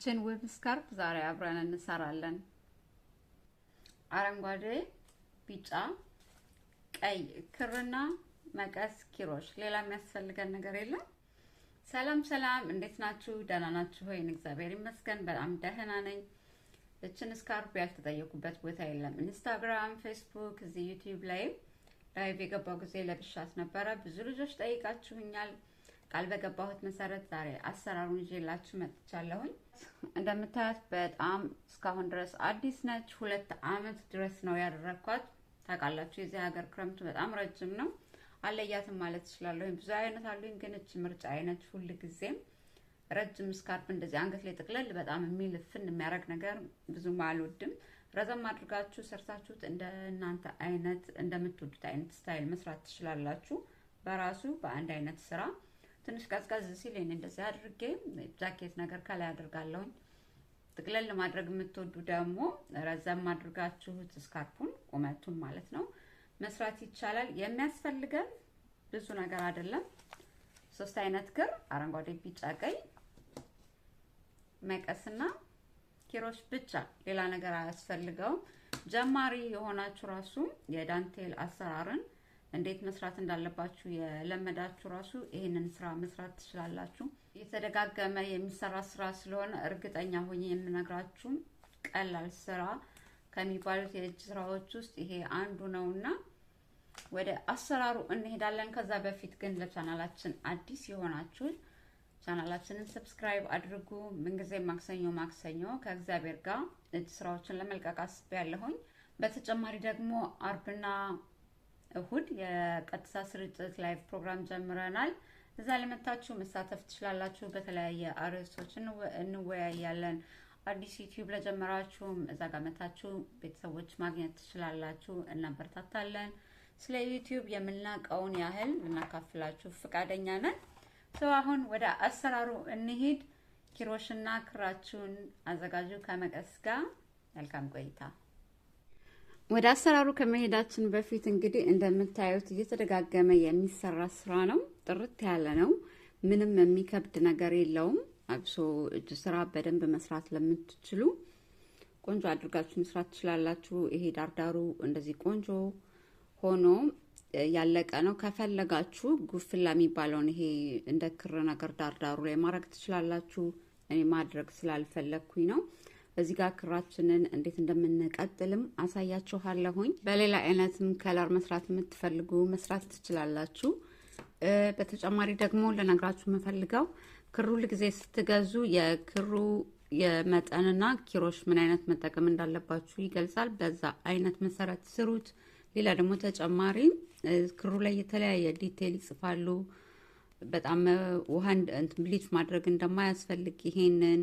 እችን ውብ ስካርፕ ዛሬ አብረን እንሰራለን። አረንጓዴ፣ ቢጫ፣ ቀይ ክርና መቀስ፣ ኪሮች፣ ሌላ የሚያስፈልገን ነገር የለም። ሰላም ሰላም፣ እንዴት ናችሁ? ደህና ናችሁ ወይ? እግዚአብሔር ይመስገን በጣም ደህና ነኝ። እችን ስካርፕ ያልተጠየኩበት ቦታ የለም። ኢንስታግራም፣ ፌስቡክ፣ እዚህ ዩቲዩብ ላይ ላይቭ የገባው ጊዜ ለብሻት ነበረ። ብዙ ልጆች ጠይቃችሁኛል። ቃል በገባሁት መሰረት ዛሬ አሰራሩን ይዤላችሁ መጥቻለሁኝ። እንደምታያት በጣም እስካሁን ድረስ አዲስ ነች። ሁለት አመት ድረስ ነው ያደረግኳት። ታውቃላችሁ የዚህ ሀገር ክረምቱ በጣም ረጅም ነው። አለያትም ማለት እችላለሁኝ። ብዙ አይነት አሉኝ፣ ግን እች ምርጫ አይነት ሁል ጊዜም ረጅም ስካርፕ እንደዚህ አንገት ላይ ጥቅለል በጣም የሚልፍን የሚያደርግ ነገር ብዙም አልወድም። ረዘም አድርጋችሁ ሰርታችሁት እንደ እናንተ አይነት እንደምትወዱት አይነት ስታይል መስራት ትችላላችሁ። በራሱ በአንድ አይነት ስራ ትንሽ ቀዝቀዝ ሲል ይህን እንደዚህ አድርጌ ጃኬት ነገር ከላይ አድርጋለሁኝ። ጥቅለል ማድረግ የምትወዱ ደግሞ ረዘም አድርጋችሁት እስካርፑን ቁመቱን ማለት ነው መስራት ይቻላል። የሚያስፈልገን ብዙ ነገር አይደለም። ሶስት አይነት ክር አረንጓዴ፣ ቢጫ፣ ቀይ መቀስና ኪሮች ብቻ ሌላ ነገር አያስፈልገውም። ጀማሪ የሆናችሁ ራሱ የዳንቴል አሰራርን እንዴት መስራት እንዳለባችሁ የለመዳችሁ ራሱ ይህንን ስራ መስራት ትችላላችሁ። የተደጋገመ የሚሰራ ስራ ስለሆነ እርግጠኛ ሆኜ የምነግራችሁም ቀላል ስራ ከሚባሉት የእጅ ስራዎች ውስጥ ይሄ አንዱ ነው እና ወደ አሰራሩ እንሄዳለን። ከዛ በፊት ግን ለቻናላችን አዲስ የሆናችሁ ቻናላችንን ሰብስክራይብ አድርጉ። ምንጊዜ ማክሰኞ ማክሰኞ ከእግዚአብሔር ጋር እጅ ስራዎችን ለመልቀቅ ያለሁኝ በተጨማሪ ደግሞ አርብና እሁድ የቀጥታ ስርጭት ላይቭ ፕሮግራም ጀምረናል። እዛ ለመታችሁ መሳተፍ ትችላላችሁ። በተለያየ አርዕስቶች እንወያያለን። አዲስ ዩቲዩብ ለጀመራችሁም እዛ ጋር መታችሁ ቤተሰቦች ማግኘት ትችላላችሁ። እናበረታታለን። ስለ ዩቲዩብ የምናውቀውን ያህል ልናካፍላችሁ ፍቃደኛ ነን። ሰው አሁን ወደ አሰራሩ እንሂድ። ኪሮሽና ክራችሁን አዘጋጁ ከመቀስ ጋር። መልካም ቆይታ ወደ አሰራሩ ከመሄዳችን በፊት እንግዲህ እንደምታዩት እየተደጋገመ የሚሰራ ስራ ነው። ጥርት ያለ ነው። ምንም የሚከብድ ነገር የለውም። አብሶ እጅ ስራ በደንብ መስራት ለምትችሉ ቆንጆ አድርጋችሁ መስራት ትችላላችሁ። ይሄ ዳርዳሩ እንደዚህ ቆንጆ ሆኖ ያለቀ ነው። ከፈለጋችሁ ጉፍላ የሚባለውን ይሄ እንደ ክር ነገር ዳርዳሩ ላይ ማድረግ ትችላላችሁ። እኔ ማድረግ ስላልፈለግኩኝ ነው። እዚህ ጋር ክራችንን እንዴት እንደምንቀጥልም አሳያችኋለሁኝ። በሌላ አይነትም ከለር መስራት የምትፈልጉ መስራት ትችላላችሁ። በተጨማሪ ደግሞ ልነግራችሁ የምፈልገው ክሩ ልጊዜ ስትገዙ የክሩ የመጠንና ኪሮሽ ምን አይነት መጠቀም እንዳለባችሁ ይገልጻል። በዛ አይነት መሰረት ስሩት። ሌላ ደግሞ ተጨማሪ ክሩ ላይ የተለያየ ዲቴል ይጽፋሉ። በጣም ውሃ ብሊች ማድረግ እንደማያስፈልግ ይሄንን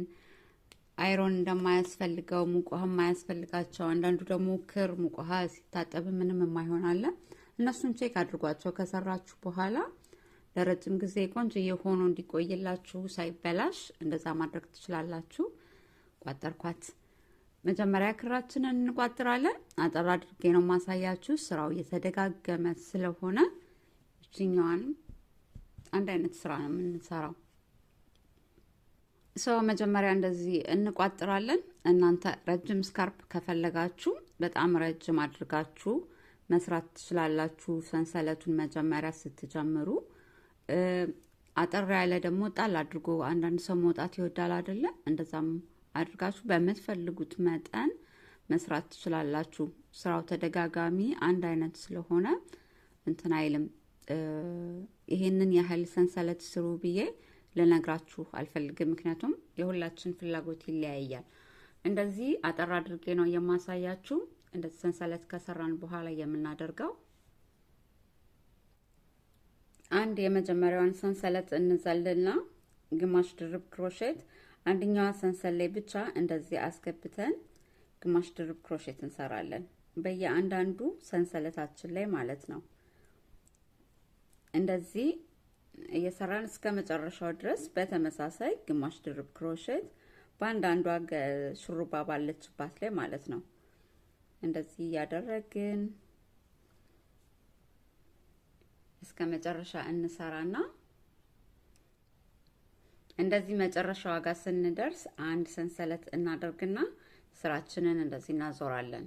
አይሮን እንደማያስፈልገው ሙቅ የማያስፈልጋቸው አንዳንዱ ደግሞ ክር ሙቅ ሲታጠብ ምንም የማይሆን አለ። እነሱን ቼክ አድርጓቸው ከሰራችሁ በኋላ ለረጅም ጊዜ ቆንጆ ሆኖ እንዲቆይላችሁ ሳይበላሽ እንደዛ ማድረግ ትችላላችሁ። ቋጠርኳት። መጀመሪያ ክራችንን እንቋጥራለን። አጠር አድርጌ ነው ማሳያችሁ፣ ስራው እየተደጋገመ ስለሆነ እችኛዋን አንድ አይነት ስራ ነው የምንሰራው። ሰው መጀመሪያ እንደዚህ እንቋጥራለን። እናንተ ረጅም ስካርፕ ከፈለጋችሁ በጣም ረጅም አድርጋችሁ መስራት ትችላላችሁ። ሰንሰለቱን መጀመሪያ ስትጀምሩ አጠር ያለ ደግሞ ጣል አድርጎ አንዳንድ ሰው መውጣት ይወዳል አይደለም? እንደዛም አድርጋችሁ በምትፈልጉት መጠን መስራት ትችላላችሁ። ስራው ተደጋጋሚ አንድ አይነት ስለሆነ እንትን አይልም። ይሄንን ያህል ሰንሰለት ስሩ ብዬ ልነግራችሁ አልፈልግም። ምክንያቱም የሁላችን ፍላጎት ይለያያል። እንደዚህ አጠር አድርጌ ነው የማሳያችሁ። እንደዚህ ሰንሰለት ከሰራን በኋላ የምናደርገው አንድ የመጀመሪያዋን ሰንሰለት እንዘልና ግማሽ ድርብ ክሮሼት አንደኛዋ ሰንሰሌ ብቻ እንደዚህ አስገብተን ግማሽ ድርብ ክሮሼት እንሰራለን በየአንዳንዱ ሰንሰለታችን ላይ ማለት ነው። እንደዚህ እየሰራን እስከ መጨረሻው ድረስ በተመሳሳይ ግማሽ ድርብ ክሮሼት በአንዳንዷ ሹሩባ ባለችባት ላይ ማለት ነው እንደዚህ እያደረግን እስከ መጨረሻ እንሰራና እንደዚህ መጨረሻዋ ጋር ስንደርስ አንድ ሰንሰለት እናደርግና ስራችንን እንደዚህ እናዞራለን።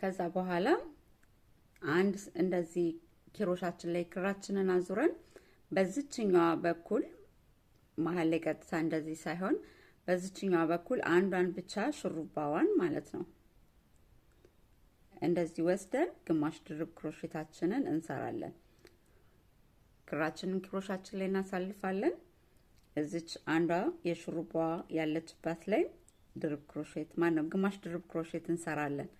ከዛ በኋላ አንድ እንደዚህ ኪሮሻችን ላይ ክራችንን አዙረን በዚችኛዋ በኩል መሀል ላይ ቀጥታ እንደዚህ ሳይሆን በዚችኛዋ በኩል አንዷን ብቻ ሹሩባዋን ማለት ነው እንደዚህ ወስደን ግማሽ ድርብ ክሮሼታችንን እንሰራለን። ክራችንን ክሮሻችን ላይ እናሳልፋለን። እዚች አንዷ የሹሩባዋ ያለችባት ላይ ድርብ ክሮሼት ማነው ግማሽ ድርብ ክሮሼት እንሰራለን።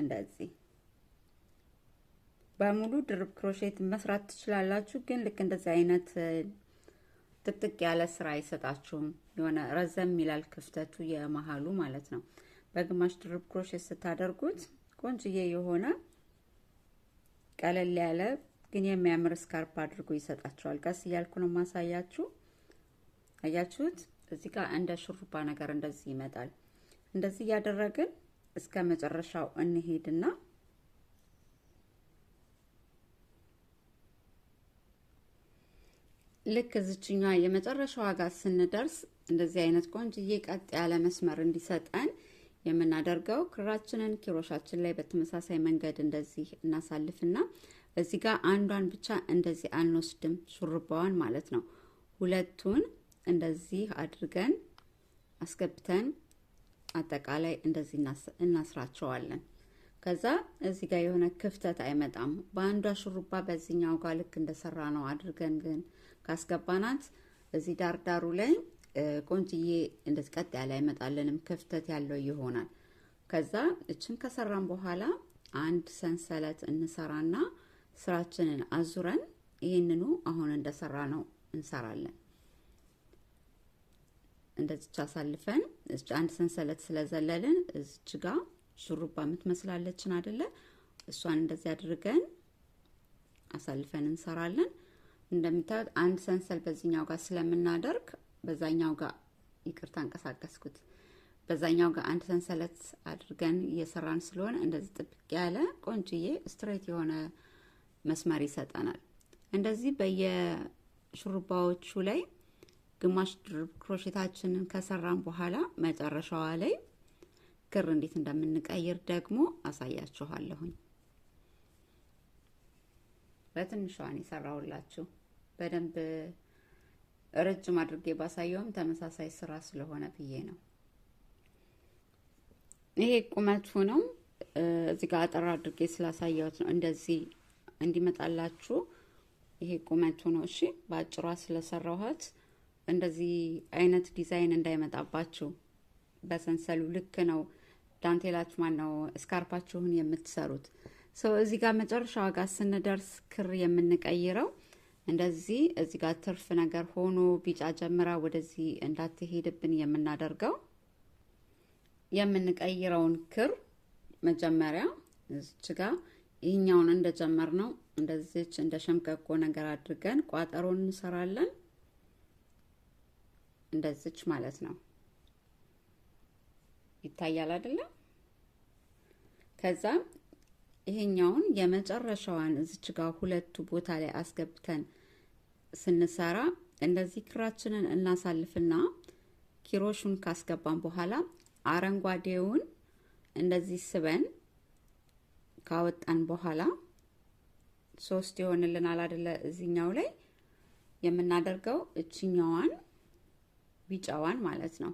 እንደዚህ በሙሉ ድርብ ክሮሼት መስራት ትችላላችሁ። ግን ልክ እንደዚህ አይነት ጥቅጥቅ ያለ ስራ አይሰጣችሁም። የሆነ ረዘም ይላል ክፍተቱ የመሀሉ ማለት ነው። በግማሽ ድርብ ክሮሼት ስታደርጉት ቆንጅዬ የሆነ ቀለል ያለ ግን የሚያምር ስካርፕ አድርጎ ይሰጣችኋል። ቀስ እያልኩ ነው ማሳያችሁ። አያችሁት? እዚህ ጋር እንደ ሹሩባ ነገር እንደዚህ ይመጣል። እንደዚህ እያደረግን እስከ መጨረሻው እንሄድና ልክ እዚችኛዋ የመጨረሻዋ ጋር ስንደርስ እንደዚህ አይነት ቆንጅዬ ቀጥ ያለ መስመር እንዲሰጠን የምናደርገው ክራችንን ኪሮሻችን ላይ በተመሳሳይ መንገድ እንደዚህ እናሳልፍና እዚህ ጋር አንዷን ብቻ እንደዚህ አንወስድም፣ ሹርባዋን ማለት ነው። ሁለቱን እንደዚህ አድርገን አስገብተን አጠቃላይ እንደዚህ እናስራቸዋለን። ከዛ እዚህ ጋር የሆነ ክፍተት አይመጣም። በአንዷ ሹሩባ በዚህኛው ጋር ልክ እንደሰራ ነው አድርገን ግን ካስገባናት እዚህ ዳርዳሩ ላይ ቆንጅዬ እንደዚህ ቀጥ ያለ አይመጣልንም፣ ክፍተት ያለው ይሆናል። ከዛ እችን ከሰራን በኋላ አንድ ሰንሰለት እንሰራና ስራችንን አዙረን ይህንኑ አሁን እንደሰራ ነው እንሰራለን። እንደዚች አሳልፈን አንድ ሰንሰለት ስለዘለልን እዚች ጋ ሹሩባ የምትመስላለችን አደለ? እሷን እንደዚህ አድርገን አሳልፈን እንሰራለን። እንደምታዩት አንድ ሰንሰል በዚህኛው ጋር ስለምናደርግ በዛኛው ጋር ይቅርታ እንቀሳቀስኩት። በዛኛው ጋር አንድ ሰንሰለት አድርገን እየሰራን ስለሆነ እንደዚህ ጥብቅ ያለ ቆንጅዬ ስትሬት የሆነ መስመር ይሰጠናል። እንደዚህ በየሹሩባዎቹ ላይ ግማሽ ድርብ ክሮሼታችንን ከሰራን በኋላ መጨረሻዋ ላይ ክር እንዴት እንደምንቀይር ደግሞ አሳያችኋለሁኝ። በትንሿን የሰራሁላችሁ በደንብ ረጅም አድርጌ ባሳየውም ተመሳሳይ ስራ ስለሆነ ብዬ ነው። ይሄ ቁመቱ ነው። እዚህ ጋር አጠር አድርጌ ስላሳየሁት ነው እንደዚህ እንዲመጣላችሁ። ይሄ ቁመቱ ነው። እሺ በአጭሯ ስለሰራኋት እንደዚህ አይነት ዲዛይን እንዳይመጣባችሁ በሰንሰሉ ልክ ነው። ዳንቴላችሁ ማን ነው እስካርፓችሁን የምትሰሩት እዚህ ጋር መጨረሻ ዋጋ ስንደርስ ክር የምንቀይረው እንደዚህ እዚህ ጋር ትርፍ ነገር ሆኖ ቢጫ ጀምራ ወደዚህ እንዳትሄድብን የምናደርገው የምንቀይረውን ክር መጀመሪያ እዚች ጋር ይህኛውን እንደጀመር ነው እንደዚች እንደ ሸምቀቆ ነገር አድርገን ቋጠሮ እንሰራለን። እንደዚች ማለት ነው። ይታያል አይደለም? ከዛም ይሄኛውን የመጨረሻዋን እዚች ጋር ሁለቱ ቦታ ላይ አስገብተን ስንሰራ እንደዚህ ክራችንን እናሳልፍና ኪሮሹን ካስገባን በኋላ አረንጓዴውን እንደዚህ ስበን ካወጣን በኋላ ሶስት ይሆንልናል አደለ? እዚህኛው ላይ የምናደርገው እችኛዋን ቢጫዋን ማለት ነው።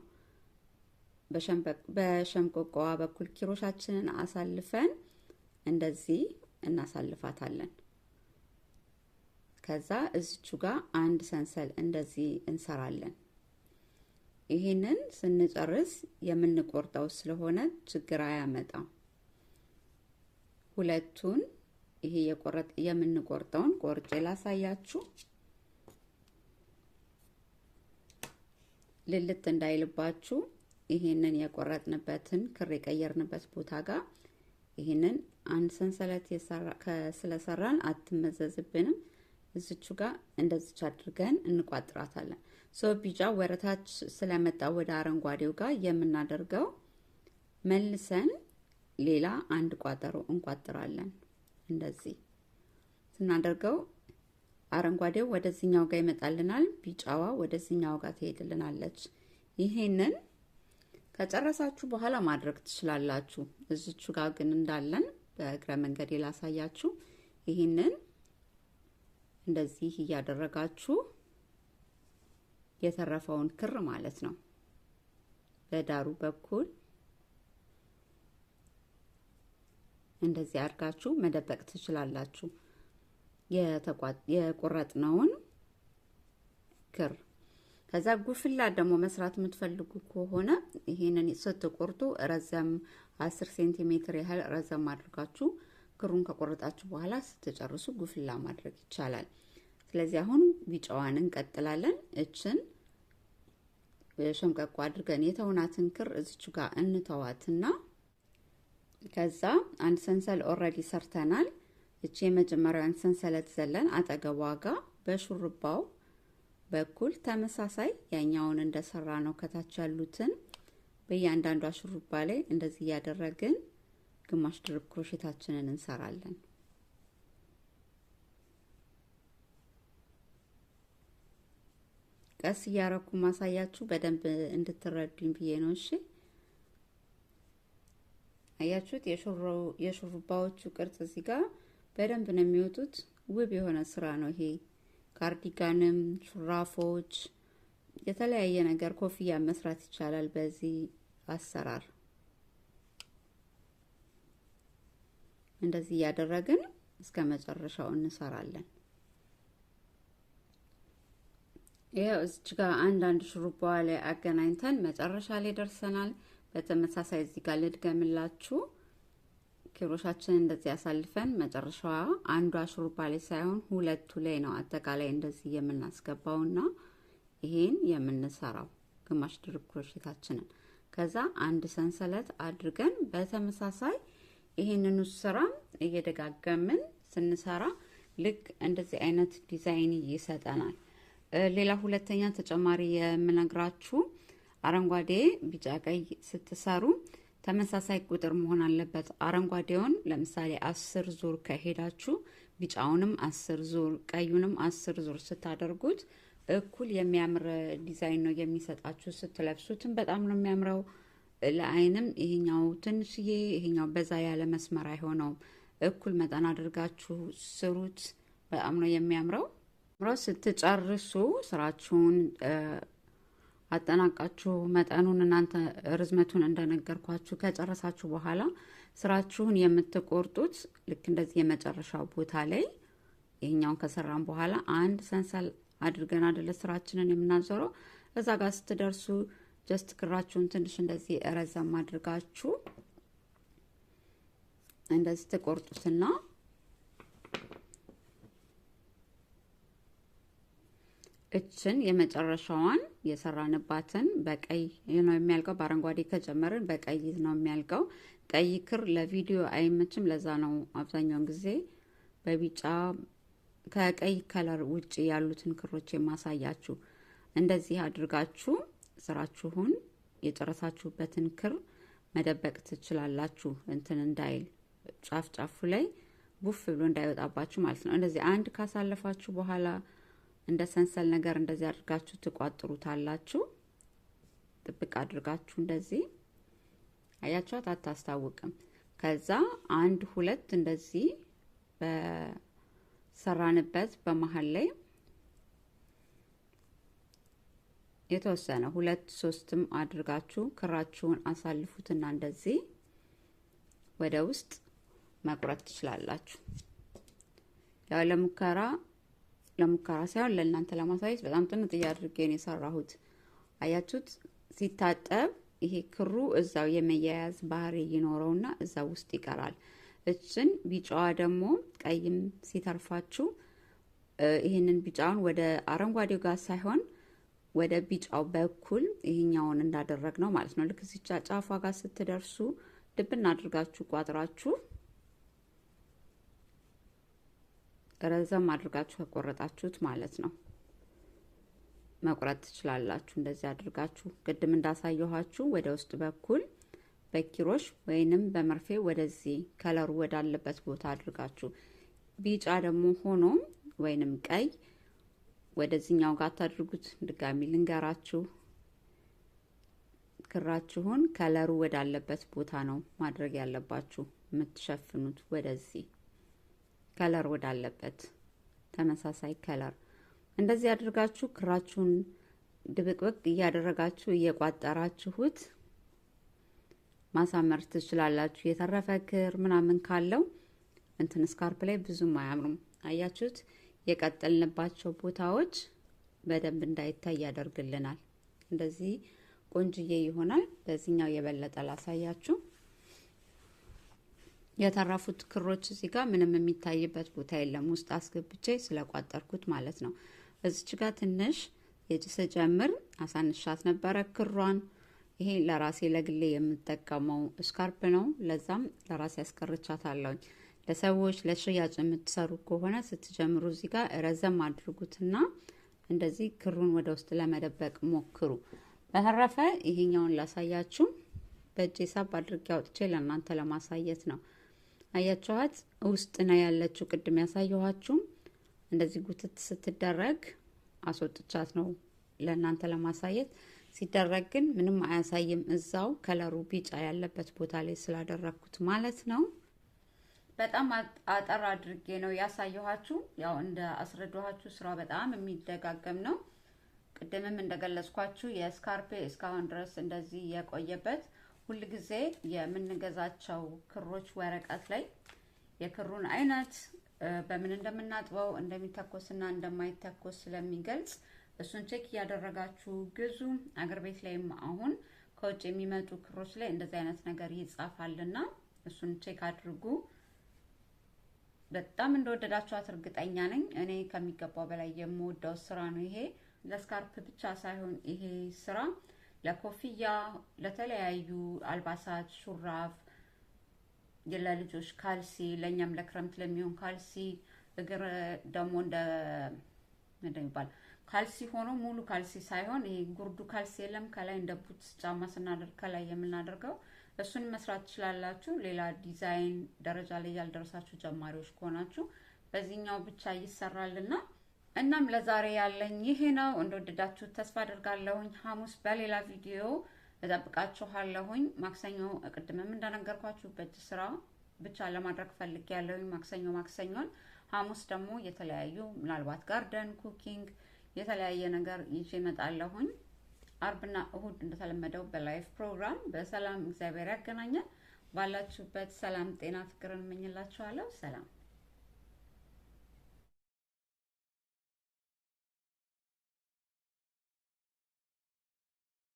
በሸምቆቆዋ በኩል ኪሮሻችንን አሳልፈን እንደዚህ እናሳልፋታለን። ከዛ እዝቹ ጋር አንድ ሰንሰል እንደዚህ እንሰራለን። ይህንን ስንጨርስ የምንቆርጠው ስለሆነ ችግር አያመጣም። ሁለቱን ይሄ የምንቆርጠውን ቆርጬ ላሳያችሁ። ልልት እንዳይልባችሁ ይሄንን የቆረጥንበትን ክር የቀየርንበት ቦታ ጋር ይሄንን አንድ ሰንሰለት ስለሰራን አትመዘዝብንም። እዚቹ ጋር እንደዚች አድርገን እንቋጥራታለን። ሶ ቢጫ ወረታች ስለመጣ ወደ አረንጓዴው ጋር የምናደርገው መልሰን ሌላ አንድ ቋጠሮ እንቋጥራለን። እንደዚህ ስናደርገው አረንጓዴው ወደዚኛው ጋር ይመጣልናል። ቢጫዋ ወደዚኛው ጋር ትሄድልናለች። ይሄንን ከጨረሳችሁ በኋላ ማድረግ ትችላላችሁ። እዚቹ ጋር ግን እንዳለን በእግረ መንገድ ላሳያችሁ። ይህንን እንደዚህ እያደረጋችሁ የተረፈውን ክር ማለት ነው በዳሩ በኩል እንደዚህ አድርጋችሁ መደበቅ ትችላላችሁ። የቆረጥነውን ክር ከዛ ጉፍላ ደግሞ መስራት የምትፈልጉ ከሆነ ይሄንን ስትቆርጡ ረዘም 10 ሴንቲሜትር ያህል ረዘም አድርጋችሁ ክሩን ከቆረጣችሁ በኋላ ስትጨርሱ ጉፍላ ማድረግ ይቻላል። ስለዚህ አሁን ቢጫዋን እንቀጥላለን። እችን ሸምቀቆ አድርገን የተውናትን ክር እዚች ጋር እንተዋትና ከዛ አንድ ሰንሰል ኦልሬዲ ሰርተናል። እቺ የመጀመሪያውን ሰንሰለት ዘለን አጠገቧ ጋር በሹርባው በኩል ተመሳሳይ ያኛውን እንደሰራ ነው። ከታች ያሉትን በእያንዳንዷ ሹርባ ላይ እንደዚህ እያደረግን ግማሽ ድርብ ክሮሼታችንን እንሰራለን። ቀስ እያረኩ ማሳያችሁ በደንብ እንድትረዱኝ ብዬ ነው። እሺ አያችሁት? የሹሩባዎቹ ቅርጽ እዚህ ጋር በደንብ ነው የሚወጡት። ውብ የሆነ ስራ ነው ይሄ። ካርዲጋንም፣ ሹራፎች፣ የተለያየ ነገር ኮፍያ መስራት ይቻላል በዚህ አሰራር። እንደዚህ እያደረግን እስከ መጨረሻው እንሰራለን። ይኸው እዚች ጋር አንዳንድ ሹሩባ ላይ አገናኝተን መጨረሻ ላይ ደርሰናል። በተመሳሳይ እዚህ ጋር ልድገምላችሁ። ክሮሻችንን እንደዚህ ያሳልፈን መጨረሻዋ አንዷ ሹሩባ ላይ ሳይሆን ሁለቱ ላይ ነው አጠቃላይ እንደዚህ የምናስገባውና ይሄን የምንሰራው ግማሽ ድርብ ክሮሼታችንን ከዛ አንድ ሰንሰለት አድርገን በተመሳሳይ ይሄንን ስራ እየደጋገምን ስንሰራ ልክ እንደዚህ አይነት ዲዛይን ይሰጠናል። ሌላ ሁለተኛ ተጨማሪ የምነግራችሁ አረንጓዴ፣ ቢጫ፣ ቀይ ስትሰሩ ተመሳሳይ ቁጥር መሆን አለበት። አረንጓዴውን ለምሳሌ አስር ዙር ከሄዳችሁ ቢጫውንም አስር ዙር ቀዩንም አስር ዙር ስታደርጉት እኩል የሚያምር ዲዛይን ነው የሚሰጣችሁ። ስትለብሱትም በጣም ነው የሚያምረው ለአይንም። ይሄኛው ትንሽዬ፣ ይሄኛው በዛ ያለ መስመር አይሆነውም። እኩል መጠን አድርጋችሁ ስሩት። በጣም ነው የሚያምረው። ስትጨርሱ ስራችሁን አጠናቃችሁ መጠኑን እናንተ ርዝመቱን እንደነገርኳችሁ ከጨረሳችሁ በኋላ ስራችሁን የምትቆርጡት ልክ እንደዚህ የመጨረሻው ቦታ ላይ ይህኛውን ከሰራን በኋላ አንድ ሰንሰል አድርገን አደለ ስራችንን የምናዞረው። እዛ ጋር ስትደርሱ ጀስት ክራችሁን ትንሽ እንደዚህ ረዘም አድርጋችሁ እንደዚህ ትቆርጡትና እችን የመጨረሻዋን የሰራንባትን በቀይ ነው የሚያልቀው። በአረንጓዴ ከጀመርን በቀይ ነው የሚያልቀው። ቀይ ክር ለቪዲዮ አይመችም። ለዛ ነው አብዛኛውን ጊዜ በቢጫ ከቀይ ከለር ውጭ ያሉትን ክሮች የማሳያችሁ። እንደዚህ አድርጋችሁ ስራችሁን የጨረሳችሁበትን ክር መደበቅ ትችላላችሁ። እንትን እንዳይል ጫፍ ጫፉ ላይ ቡፍ ብሎ እንዳይወጣባችሁ ማለት ነው። እንደዚህ አንድ ካሳለፋችሁ በኋላ እንደ ሰንሰል ነገር እንደዚህ አድርጋችሁ ትቋጥሩታላችሁ። ጥብቅ አድርጋችሁ እንደዚህ አያችኋት፣ አታስታውቅም። ከዛ አንድ ሁለት እንደዚህ በሰራንበት በመሀል ላይ የተወሰነ ሁለት ሶስትም አድርጋችሁ ክራችሁን አሳልፉትና እንደዚህ ወደ ውስጥ መቁረጥ ትችላላችሁ። ያው ለሙከራ ለሙከራ ሳይሆን ለእናንተ ለማሳየት በጣም ጥንጥ እያድርጌ ነው የሰራሁት። አያችሁት? ሲታጠብ ይሄ ክሩ እዛው የመያያዝ ባህሪ ይኖረውና እዛ ውስጥ ይቀራል። እችን ቢጫዋ ደግሞ ቀይም ሲተርፋችሁ ይህንን ቢጫውን ወደ አረንጓዴው ጋር ሳይሆን ወደ ቢጫው በኩል ይህኛውን እንዳደረግ ነው ማለት ነው። ልክ ሲቻ ጫፏ ጋር ስትደርሱ ልብ እናድርጋችሁ ቋጥራችሁ ረዘም አድርጋችሁ ከቆረጣችሁት ማለት ነው መቁረጥ ትችላላችሁ። እንደዚህ አድርጋችሁ ቅድም እንዳሳየኋችሁ ወደ ውስጥ በኩል በኪሮሽ ወይንም በመርፌ ወደዚህ ከለሩ ወዳለበት ቦታ አድርጋችሁ ቢጫ ደግሞ ሆኖ ወይንም ቀይ ወደዚህኛው ጋር ታድርጉት። ድጋሚ ልንገራችሁ፣ ክራችሁን ከለሩ ወዳለበት ቦታ ነው ማድረግ ያለባችሁ የምትሸፍኑት ወደዚህ ከለር ወዳለበት ተመሳሳይ ከለር እንደዚህ አድርጋችሁ ክራችሁን ድብቅብቅ እያደረጋችሁ እየቋጠራችሁት ማሳመር ትችላላችሁ። የተረፈ ክር ምናምን ካለው እንትን ስካርፕ ላይ ብዙም አያምሩም። አያችሁት? የቀጠልንባቸው ቦታዎች በደንብ እንዳይታይ ያደርግልናል። እንደዚህ ቆንጅዬ ይሆናል። በዚህኛው የበለጠ ላሳያችሁ። የተረፉት ክሮች እዚህ ጋር ምንም የሚታይበት ቦታ የለም። ውስጥ አስገብቼ ስለቋጠርኩት ማለት ነው። እዚች ጋር ትንሽ ስጀምር አሳንሻት ነበረ ክሯን። ይሄ ለራሴ ለግሌ የምጠቀመው ስካርፕ ነው። ለዛም ለራሴ ያስቀርቻት አለውኝ። ለሰዎች ለሽያጭ የምትሰሩ ከሆነ ስትጀምሩ እዚህ ጋር ረዘም አድርጉትና እንደዚህ ክሩን ወደ ውስጥ ለመደበቅ ሞክሩ። በተረፈ ይሄኛውን ላሳያችሁ በእጅ ሳብ አድርጌ አውጥቼ ለእናንተ ለማሳየት ነው። አያችኋት? ውስጥ ነው ያለችው። ቅድም ያሳየኋችሁም እንደዚህ ጉትት ስትደረግ አስወጥቻት ነው ለእናንተ ለማሳየት። ሲደረግ ግን ምንም አያሳይም። እዛው ከለሩ ቢጫ ያለበት ቦታ ላይ ስላደረግኩት ማለት ነው። በጣም አጠር አድርጌ ነው ያሳየኋችሁ። ያው እንደ አስረዳኋችሁ ስራ በጣም የሚደጋገም ነው። ቅድምም እንደገለጽኳችሁ የስካርፔ እስካሁን ድረስ እንደዚህ የቆየበት ሁልጊዜ የምንገዛቸው ክሮች ወረቀት ላይ የክሩን አይነት በምን እንደምናጥበው እንደሚተኮስና እንደማይተኮስ ስለሚገልጽ እሱን ቼክ እያደረጋችሁ ግዙ። አገር ቤት ላይም አሁን ከውጭ የሚመጡ ክሮች ላይ እንደዚህ አይነት ነገር ይጻፋልና እሱን ቼክ አድርጉ። በጣም እንደወደዳችኋት እርግጠኛ ነኝ። እኔ ከሚገባው በላይ የምወደው ስራ ነው ይሄ። ለስካርፕ ብቻ ሳይሆን ይሄ ስራ ለኮፍያ፣ ለተለያዩ አልባሳት፣ ሹራብ ለልጆች ካልሲ፣ ለእኛም ለክረምት ለሚሆን ካልሲ እግር ደግሞ እንደ ምንድን ይባል ካልሲ ሆኖ ሙሉ ካልሲ ሳይሆን ይሄ ጉርዱ ካልሲ የለም ከላይ እንደ ቡትስ ጫማ ስናደርግ ከላይ የምናደርገው እሱን መስራት ትችላላችሁ። ሌላ ዲዛይን ደረጃ ላይ ያልደረሳችሁ ጀማሪዎች ከሆናችሁ በዚህኛው ብቻ ይሰራልና እናም ለዛሬ ያለኝ ይሄ ነው። እንደወደዳችሁት ተስፋ አድርጋለሁኝ። ሐሙስ በሌላ ቪዲዮ እጠብቃችኋለሁኝ። ማክሰኞ ቅድምም እንደነገርኳችሁ በእጅ ስራ ብቻ ለማድረግ ፈልጌ ያለሁኝ ማክሰኞ ማክሰኞን፣ ሐሙስ ደግሞ የተለያዩ ምናልባት ጋርደን፣ ኩኪንግ የተለያየ ነገር ይዤ እመጣለሁኝ። አርብና እሁድ እንደተለመደው በላይፍ ፕሮግራም በሰላም እግዚአብሔር ያገናኘን። ባላችሁበት ሰላም፣ ጤና፣ ፍቅርን እመኝላችኋለሁ። ሰላም